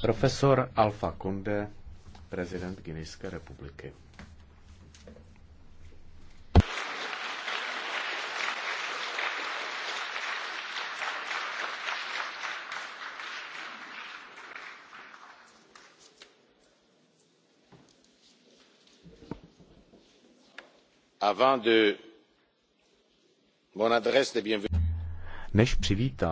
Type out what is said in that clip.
Profesor Alfa Conde, prezident Guinejské republiky. Avant de mon adresse de bienvenue, než přivítám